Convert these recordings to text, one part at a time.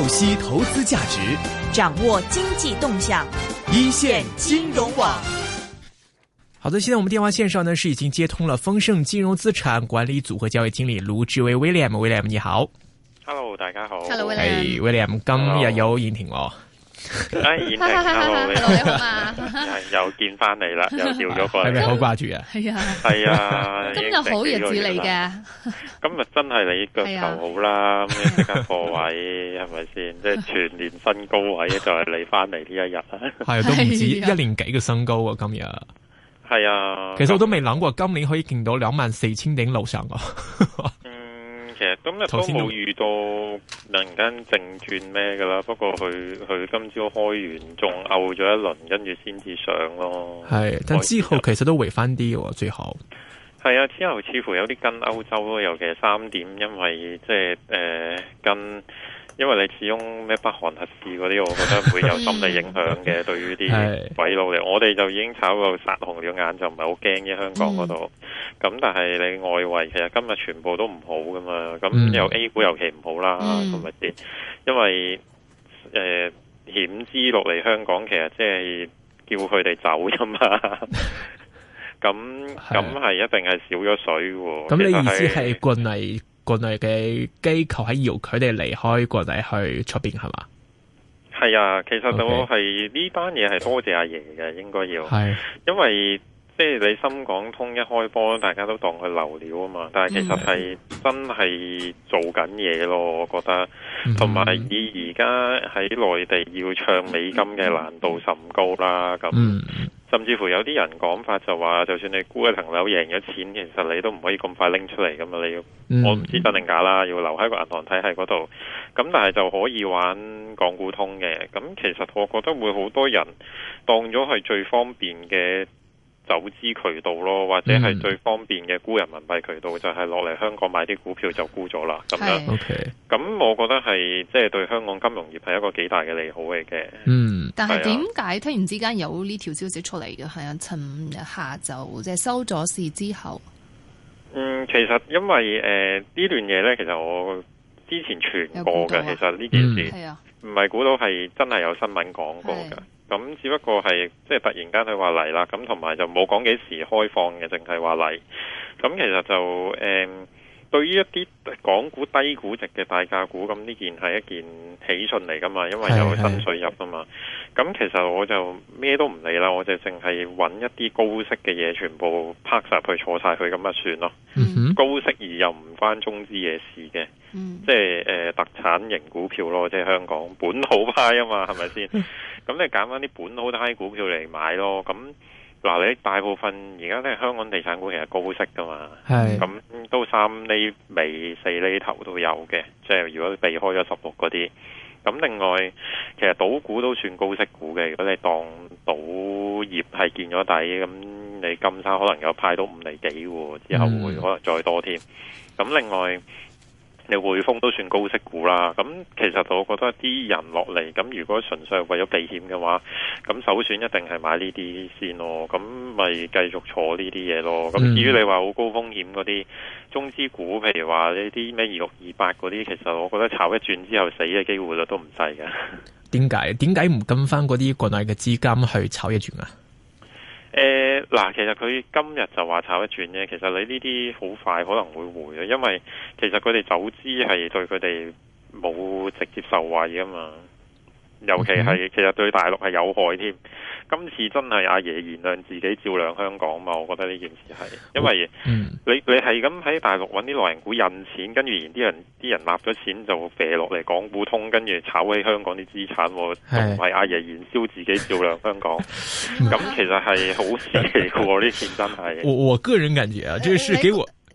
透析投資價值，掌握經濟動向，一線金融網。好的，現在我們電話線上呢是已經接通了豐盛金融資產管理組合交易經理盧志威 William，William William, 你好，Hello 大家好，Hello William，William Hey , William, Hello. 今日有音頻哦。 哎，賢仔， 你好，你好啊！又見翻你啦，又調咗過嚟，係咪好掛住啊？係啊，係啊，今日好日子嚟嘅。 今日真係你腳頭好啦，咁樣破位係咪先？是是 即係全年新高位就係你翻嚟呢一日啦。係都唔止一年幾嘅新高啊！今日係啊，其實我都未諗過今年可以見到兩萬四千點樓上啊！ 都冇遇到突然間正轉咩噶啦，不過佢佢今朝開完仲拗咗一輪，跟住先至上咯。係，但之後其實都回翻啲喎。哦，最後係啊，之後似乎有啲跟歐洲咯，尤其係三點，因為即係誒、呃、跟。因為你始終咩北韓核試嗰啲，我覺得會有心理影響嘅。對於啲鬼佬嚟，我哋就已經炒到殺紅了眼，就唔係好驚嘅香港嗰度。咁、嗯、但係你外圍其實今日全部都唔好噶嘛，咁、嗯、又 A 股尤其唔好啦，係咪先？因為誒，險資落嚟香港，其實即係叫佢哋走㗎嘛。咁咁係一定係少咗水喎。咁你意思係國內？國內嘅機構喺搖佢哋離開國內去出邊係嘛？係啊，其實都係呢單嘢，係多謝阿爺嘅，應該要係，是因為即係你深港通一開波，大家都當佢流料啊嘛，但係其實係、mm. 真係做緊嘢咯，我覺得。同埋，以而家喺內地要唱美金嘅難度甚高啦，咁、mm. 嗯。甚至乎有啲人講法就話，就算你沽一層樓贏咗錢，其實你都唔可以咁快拎出嚟咁啊！你要、嗯、我唔知真定假啦，要留喺個銀行體系嗰度。咁但係就可以玩港股通嘅。咁其實我覺得會好多人當咗係最方便嘅走資渠道咯，或者係最方便嘅沽人民幣渠道，嗯、就係落嚟香港買啲股票就沽咗啦。咁、嗯、樣，OK、咁我覺得係即係對香港金融業係一個幾大嘅利好嚟嘅。嗯。但係點解突然之間有呢條消息出嚟嘅？係啊，尋日下晝即係收咗市之後。嗯，其實因為誒、呃、呢段嘢咧，其實我之前傳過嘅，啊、其實呢件事唔係估到係真係有新聞講過㗎。咁、啊、只不過係即係突然間佢話嚟啦，咁同埋就冇講幾時開放嘅，淨係話嚟。咁其實就誒、呃、對於一啲港股低估值嘅大價股，咁呢件係一件喜訊嚟噶嘛，因為有新水入噶嘛。是是咁其實我就咩都唔理啦，我就淨係揾一啲高息嘅嘢，全部拍晒去坐晒佢咁就算咯。嗯、哼高息而又唔關中資嘢事嘅，嗯、即係誒、呃、特產型股票咯，即係香港本土派啊嘛，係咪先？咁 你揀翻啲本土派股票嚟買咯。咁嗱，你大部分而家咧香港地產股其實高息噶嘛，係咁的，都三厘尾四厘頭都有嘅。即係如果避開咗十六嗰啲。咁另外，其實賭股都算高息股嘅。如果你當賭業係見咗底，咁你金沙可能有派到五厘幾喎，之後會可能再多添。咁、嗯嗯、另外。你匯豐都算高息股啦，咁其實我覺得啲人落嚟，咁如果純粹係為咗避險嘅話，咁首選一定係買呢啲先咯，咁咪繼續坐呢啲嘢咯。咁、嗯、至於你話好高風險嗰啲中資股，譬如話呢啲咩二六二八嗰啲，其實我覺得炒一轉之後死嘅機會率都唔細㗎。點 解？點解唔跟翻嗰啲國內嘅資金去炒一轉啊？誒、欸。嗱，其實佢今日就話炒一轉啫，其實你呢啲好快可能會回啊，因為其實佢哋走資係對佢哋冇直接受惠啊嘛，尤其係其實對大陸係有害添。今次真係阿爺燃亮自己照亮香港嘛？我覺得呢件事係，因為你、嗯、你係咁喺大陸揾啲內銀股印錢，跟住啲人啲人納咗錢就射落嚟港股通，跟住炒起香港啲資產，同埋阿爺燃燒自己照亮香港。咁 其實係好神奇嘅喎，呢件事真係。我我個人感覺啊，這、就是、是給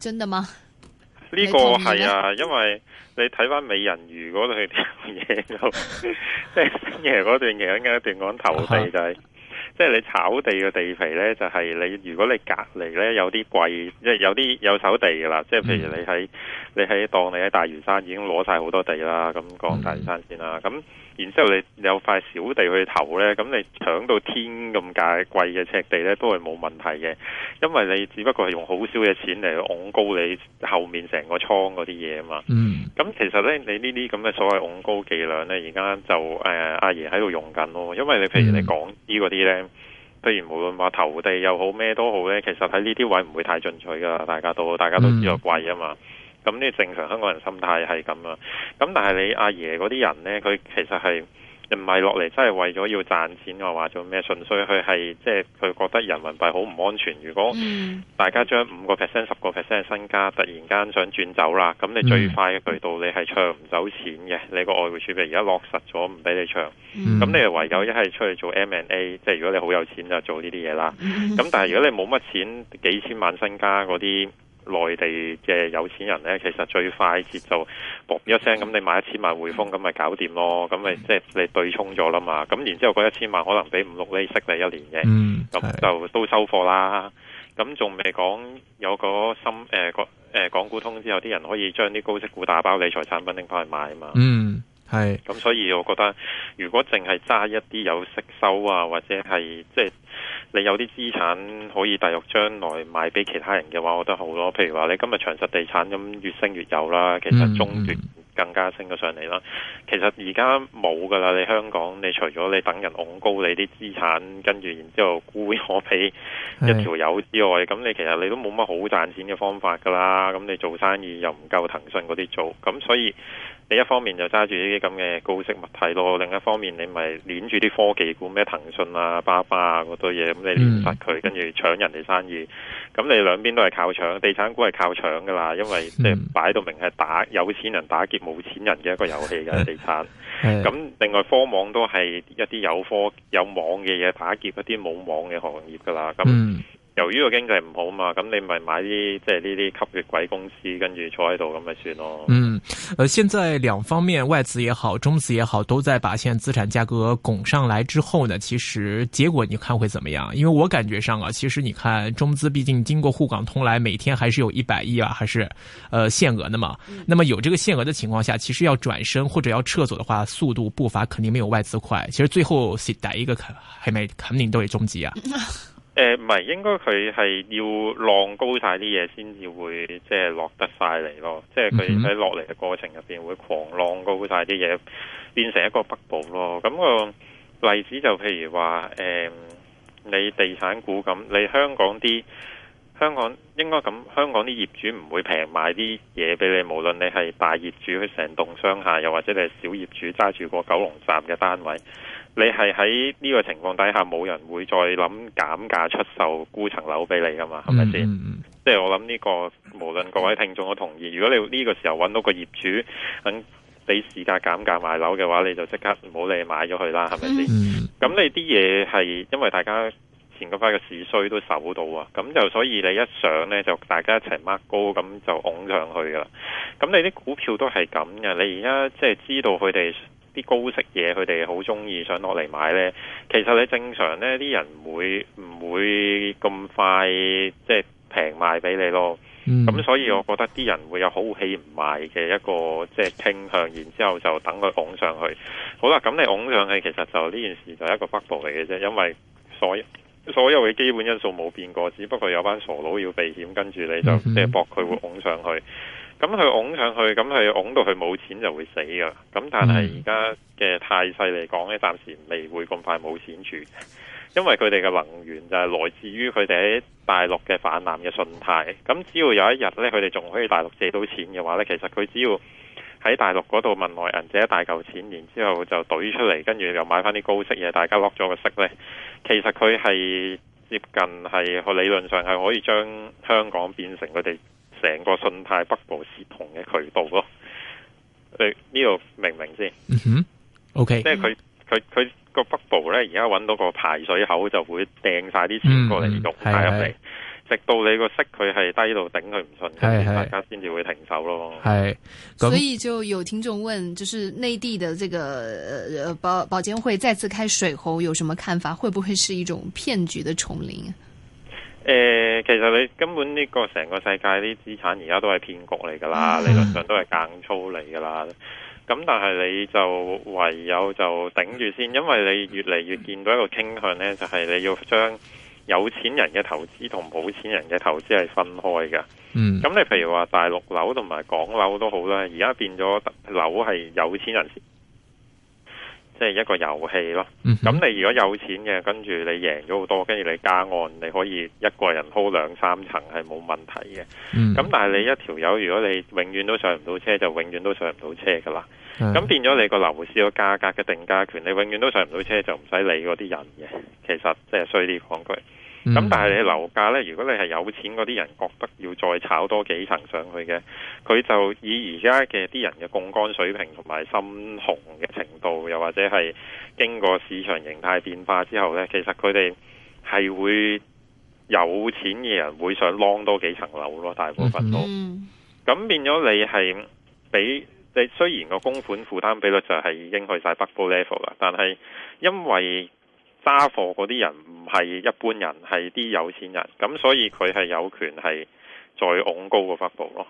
真的嗎？個呢個係啊，因為你睇翻美人魚嗰 段嘢就，即係星爺嗰段嘢，應該一段講投地就係、是，uh huh. 即係你炒地嘅地皮咧，就係你如果你隔籬咧有啲貴，即係有啲有手地噶啦，即係譬如你喺、mm hmm. 你喺當你喺大嶼山已經攞晒好多地啦，咁講大嶼山先啦，咁。然之後你有塊小地去投呢，咁你搶到天咁大，貴嘅尺地呢都係冇問題嘅，因為你只不過係用好少嘅錢嚟往高你後面成個倉嗰啲嘢嘛。嗯，咁其實呢，你呢啲咁嘅所謂往高伎倆呢，而家就誒阿、呃、爺喺度用緊咯。因為你譬如你講依個啲呢，譬如、嗯、無論話投地又好咩都好呢，其實喺呢啲位唔會太進取㗎，大家都大家都知道貴啊嘛。咁呢？正常香港人心態係咁啦。咁但係你阿爺嗰啲人呢，佢其實係唔係落嚟，真係為咗要賺錢嘅話，做咩純粹？佢係即係佢覺得人民幣好唔安全。如果大家將五個 percent、十個 percent 嘅身家突然間想轉走啦，咁你最快嘅渠道你係唱唔走錢嘅。你個外匯儲備而家落實咗，唔俾你唱。咁你又唯有一係出去做 M&A，即係如果你好有錢就做呢啲嘢啦。咁、嗯、但係如果你冇乜錢，幾千萬身家嗰啲。內地嘅有錢人呢，其實最快捷就噃一聲咁，你買一千萬匯豐咁咪搞掂咯，咁咪即係你對沖咗啦嘛。咁然之後嗰一千萬可能俾五六厘息你一年嘅，咁就都收貨啦。咁仲未講有個深誒個誒港股通之後，啲人可以將啲高息股打包理財產品拎翻去買嘛。嗯，係。咁所以我覺得，如果淨係揸一啲有息收啊，或者係即係。即係你有啲資產可以大約將來賣畀其他人嘅話，我覺得好咯。譬如話你今日長實地產咁越升越有啦，其實中月。Mm hmm. 更加升咗上嚟啦！其實而家冇噶啦，你香港，你除咗你等人拱高你啲資產，跟住然之後沽我俾一條友之外，咁是的 你其實你都冇乜好賺錢嘅方法噶啦。咁你做生意又唔夠騰訊嗰啲做，咁所以你一方面就揸住呢啲咁嘅高息物體咯，另一方面你咪攣住啲科技股，咩騰訊啊、巴巴啊嗰堆嘢，咁你攣實佢，跟住搶人哋生意。咁你兩邊都係靠搶，地產股係靠搶噶啦，因為即係擺到明係打有錢人打劫。冇錢人嘅一個遊戲嘅地產，咁 另外科網都係一啲有科有網嘅嘢打劫一啲冇網嘅行業㗎喇，咁。嗯由於個經濟唔好嘛，咁你咪買啲即係呢啲吸血鬼公司，跟住坐喺度咁咪算咯。嗯，呃，現在兩方面外資也好，中資也好，都在把現資產價格拱上來之後呢，其實結果你看會怎麼樣？因為我感覺上啊，其實你看中資畢竟經過滬港通來，每天還是有一百億啊，還是，呃，限額的嘛。嗯。那麼有這個限額的情況下，其實要轉身或者要撤走的話，速度步伐肯定沒有外資快。其實最後是哪一個肯，肯肯肯定都會終極啊。 誒，唔係、呃，應該佢係要晾高晒啲嘢，先至會即係落得晒嚟咯。即係佢喺落嚟嘅過程入邊，會狂晾高晒啲嘢，變成一個北部咯。咁、嗯，那個例子就譬如話，誒、呃，你地產股咁，你香港啲香港應該咁，香港啲業主唔會平買啲嘢俾你，無論你係大業主去成棟商廈，又或者你係小業主揸住個九龍站嘅單位。你係喺呢個情況底下，冇人會再諗減價出售沽層樓畀你噶嘛？係咪先？Mm hmm. 即係我諗呢、這個，無論各位聽眾都同意。如果你呢個時候揾到個業主肯俾市價減價買樓嘅話，你就即刻唔好理買咗佢啦，係咪先？咁、mm hmm. 你啲嘢係因為大家前嗰排嘅市需都搜到啊，咁就所以你一上呢，就大家一齊掹高，咁就拱上去噶啦。咁你啲股票都係咁嘅，你而家即係知道佢哋。啲高息嘢佢哋好中意想落嚟買咧，其實你正常咧啲人唔會唔會咁快即係平賣畀你咯。咁、嗯、所以我覺得啲人會有好氣唔賣嘅一個即係傾向，然之後就等佢拱上去。好啦，咁你拱上去其實就呢件事就一個 factor 嚟嘅啫，因為所有所有嘅基本因素冇變過，只不過有班傻佬要避險，跟住你就、嗯嗯、即係搏佢會拱上去。咁佢拱上去，咁佢拱到佢冇錢就會死㗎。咁但係而家嘅態勢嚟講呢，暫時未會咁快冇錢住，因為佢哋嘅能源就係來自於佢哋喺大陸嘅泛濫嘅信貸。咁只要有一日呢，佢哋仲可以大陸借到錢嘅話呢，其實佢只要喺大陸嗰度問來人借一大嚿錢，然之後就懟出嚟，跟住又買翻啲高息嘢，大家 lock 咗個息呢，其實佢係接近係理論上係可以將香港變成佢哋。成個信貸北部是同嘅渠道咯，誒呢度明唔明先？嗯哼，OK，即係佢佢佢個北部咧，而家揾到個排水口就會掟晒啲錢過嚟用晒入嚟，直到你個息佢係低到頂佢唔順，係係，大家先至會停手咯。係，所以就有聽眾問，就是內地嘅這個保保監會再次開水喉，有什麼看法？會不會是一種騙局嘅重臨？誒，其實你根本呢個成個世界啲資產而家都係騙局嚟噶啦，mm. 理論上都係硬操嚟噶啦。咁但係你就唯有就頂住先，因為你越嚟越見到一個傾向呢，就係、是、你要將有錢人嘅投資同冇錢人嘅投資係分開嘅。嗯，咁你譬如話大陸樓同埋港樓都好啦，而家變咗樓係有錢人。即係一個遊戲咯，咁、mm hmm. 你如果有錢嘅，跟住你贏咗好多，跟住你加按，你可以一個人鋪兩三層係冇問題嘅。咁、mm hmm. 但係你一條友，如果你永遠都上唔到車，就永遠都上唔到車噶啦。咁、mm hmm. 變咗你個樓市個價格嘅定價權，你永遠都上唔到車，就唔使理嗰啲人嘅。其實即係衰啲講句。咁、嗯、但係你樓價呢？如果你係有錢嗰啲人，覺得要再炒多幾層上去嘅，佢就以而家嘅啲人嘅槓桿水平同埋心紅嘅程度，又或者係經過市場形態變化之後呢，其實佢哋係會有錢嘅人會想攞多幾層樓咯，大部分都咁、嗯、變咗你係俾你，你雖然個供款負擔比率就係已經去晒北部 level 啦，但係因為揸貨嗰啲人唔係一般人，係啲有錢人，咁所以佢係有權係再往高個發布咯。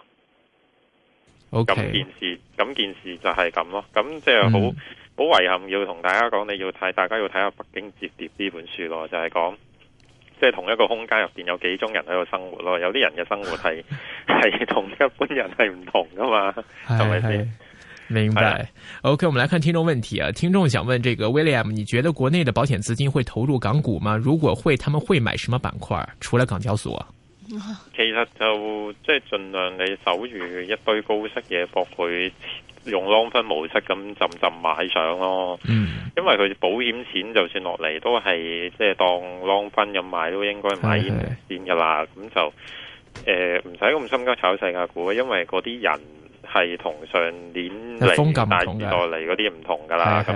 OK。咁件事，咁件事就係咁咯。咁即係好，好、嗯、遺憾要同大家講，你要睇，大家要睇下《北京折疊》呢本書咯，就係講，即係同一個空間入邊有幾種人喺度生活咯，有啲人嘅生活係係同一般人係唔同噶嘛，係咪先？明白。的 OK，我們來看聽眾問題啊。聽眾想問這個 William，你覺得國內的保險資金會投入港股嗎？如果會，他們會買什麼板塊？除了港交所啊？其實就即係盡量你守住一堆高息嘢，博佢用 long 分模式咁浸浸買上咯。嗯，因為佢保險錢就算落嚟都係即係當 long 分咁買，都應該買先噶啦。咁的的就誒唔使咁心急炒世界股，因為嗰啲人。係同上年嚟帶住落嚟嗰啲唔同噶啦，咁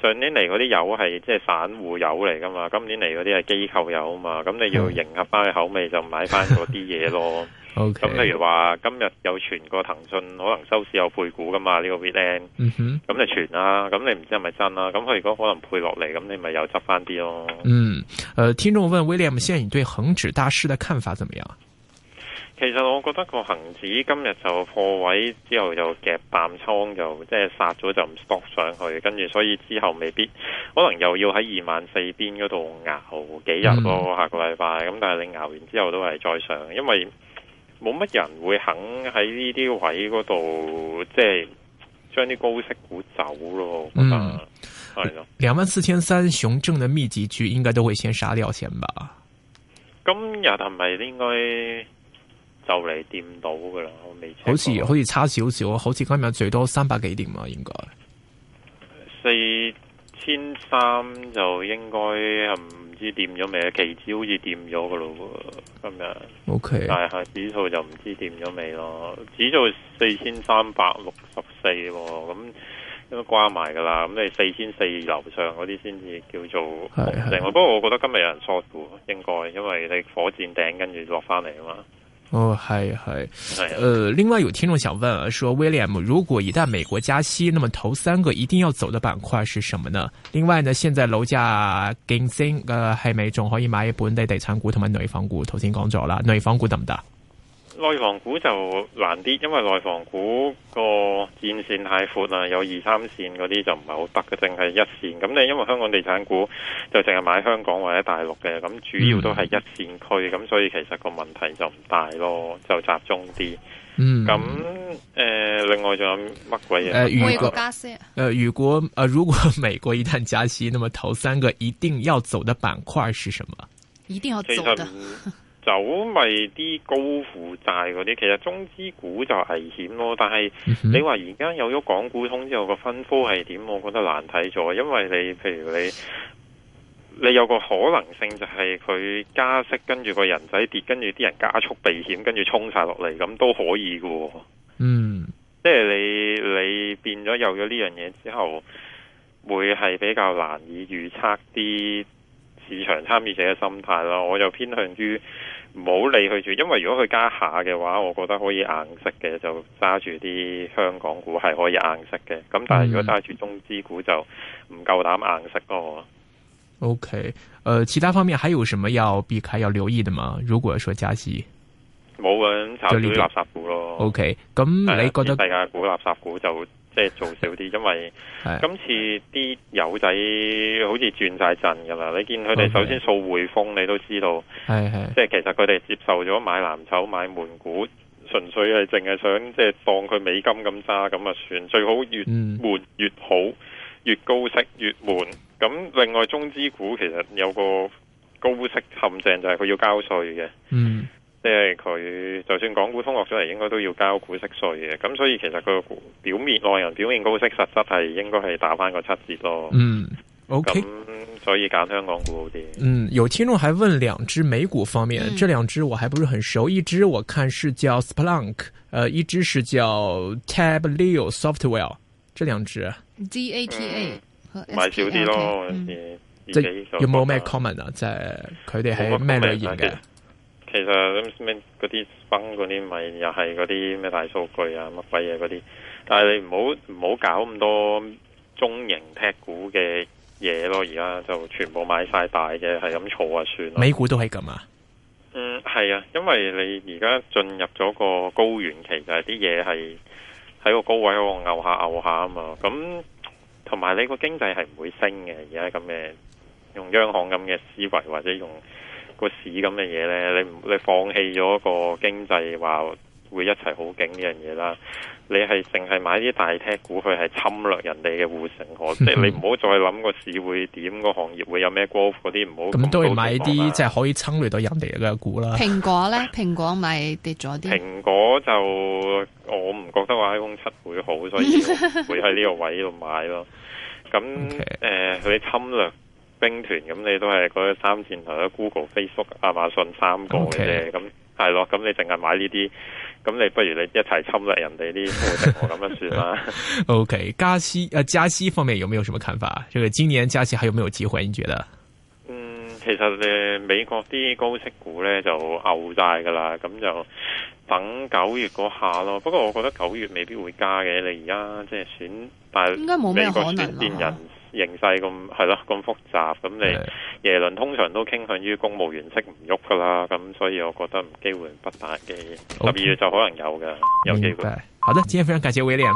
上年嚟嗰啲油係即係散戶油嚟噶嘛，今年嚟嗰啲係機構油啊嘛，咁你要迎合翻佢口味就買翻嗰啲嘢咯。咁例 Okay. 如話今日有傳過騰訊可能收市有配股噶嘛，呢、這個 William 咁就傳啦，咁你唔、啊、知係咪真啦，咁佢如果可能配落嚟，咁你咪又執翻啲咯。嗯，誒、呃，聽眾問 William，現在你對恒指大市嘅看法怎麼樣？其實我覺得個恒指今日就破位之後就夾淡倉，就即係殺咗就唔縮上去，跟住所以之後未必可能又要喺二萬四邊嗰度熬幾日咯，嗯、下個禮拜咁。但係你熬完之後都係再上，因為冇乜人會肯喺呢啲位嗰度，即係將啲高息股走咯。我覺得，係咯、嗯。兩萬四千三，熊證嘅密集區應該都會先殺掉先吧？今日係咪應該？就嚟掂到噶啦，我未好。好似好似差少少好似今日最多三百幾點啊，應該。四千三就應該係唔知掂咗未啊？期指好似掂咗噶咯，今日。O Okay . K，大下指數就唔知掂咗未咯？指數四千三百六十四，咁應該瓜埋噶啦。咁你四千四樓上嗰啲先至叫做穩定。不過的我覺得今日有人錯估，應該因為你火箭頂跟住落翻嚟啊嘛。哦，係係，誒，另外有聽眾想問啊，說 William，如果一旦美國加息，那麼頭三個一定要走的板塊是什麼呢？另外呢，現在樓價勁升，呃，係咪仲可以買本地地產股同埋內房股？頭先講咗啦，內房股得唔得？內房股就難啲，因為內房股個戰線太闊啦，有二三線嗰啲就唔係好得嘅，淨係一線。咁你因為香港地產股就淨係買香港或者大陸嘅，咁主要都係一線區，咁所以其實個問題就唔大咯，就集中啲。嗯，咁誒、呃，另外仲有乜鬼嘢？美國加息。誒，美國誒，如果美國一旦加息，那麼頭三個一定要走嘅板塊是什麼？一定要走的。 走咪啲高負債嗰啲，其實中資股就危險咯。但係你話而家有咗港股通之後個分科係點？我覺得難睇咗。因為你譬如你，你有個可能性就係佢加息，跟住個人仔跌，跟住啲人加速避險，跟住衝晒落嚟，咁都可以嘅。嗯即，即係你你變咗有咗呢樣嘢之後，會係比較難以預測啲市場參與者嘅心態咯。我就偏向於。唔好理佢住，因為如果佢加下嘅話，我覺得可以硬食嘅就揸住啲香港股係可以硬食嘅，咁但係如果揸住中資股就唔夠膽硬食咯。OK，誒，其他方面還有什麼要避開、要留意的嗎？如果說加息，冇咁炒啲垃圾股咯。OK，咁你覺得大家股垃圾股就？即係做少啲， 因為今次啲友仔好似轉晒陣噶啦。你見佢哋，首先掃匯豐，你都知道，Okay. 即係其實佢哋接受咗買藍籌、買悶股，純粹係淨係想即係當佢美金咁揸咁啊算。最好越悶越好，越高息越悶。咁另外中資股其實有個高息陷阱就係佢要交稅嘅。嗯即係佢，就算港股通落咗嚟，應該都要交股息稅嘅。咁所以其實佢表面外人表面高息，實質係應該係打翻個七折咯。嗯，OK，所以揀香港股好啲。嗯，有聽眾還問兩支美股方面，這兩支我還不是很熟，一支我看是叫 Splunk，呃，一隻是叫 Tableau Software，這兩支。G A T A 和買少啲咯，有冇咩 comment 啊？即係佢哋係咩類型嘅？其實嗰啲崩嗰啲咪又係嗰啲咩大數據啊乜鬼嘢嗰啲，但係你唔好唔好搞咁多中型踢股嘅嘢咯，而家就全部買晒大嘅，係咁儲啊算啦。美股都係咁啊？嗯，係啊，因為你而家進入咗個高原期，就係啲嘢係喺個高位喎，牛下牛下啊嘛。咁同埋你個經濟係唔會升嘅，而家咁嘅用央行咁嘅思維或者用。個市咁嘅嘢咧，你唔你放棄咗個經濟話會一齊好勁呢樣嘢啦，你係淨係買啲大踢股，佢係侵略人哋嘅護城河， 即係你唔好再諗個市會點，個行業會有咩 growth 嗰啲唔好咁都係買啲即係可以侵略到人哋嘅股啦。蘋 果咧，蘋果咪跌咗啲。蘋 果就我唔覺得話喺 iPhone 7會好，所以會喺呢個位度買咯。咁誒，佢侵略。兵團咁你都係嗰三線頭，Google、Google, Facebook、亞馬遜三個啫，咁係咯，咁你淨係買呢啲，咁你不如你一齊侵略人哋啲股，咁樣算啦。 o、okay. K，加息啊，加息方面有冇有什麼看法？即、這個今年加息還有沒有機會？你覺得？嗯，其實誒、呃，美國啲高息股咧就嘔晒噶啦，咁就等九月嗰下咯。不過我覺得九月未必會加嘅。你而家即係選，但係應該冇咩可能、啊。形勢咁係咯，咁複雜咁， 你耶倫通常都傾向於公務員式唔喐噶啦，咁所以我覺得唔機會不大嘅。十二月就可能有嘅，Okay. 有機會，好的，今天非常感謝威廉。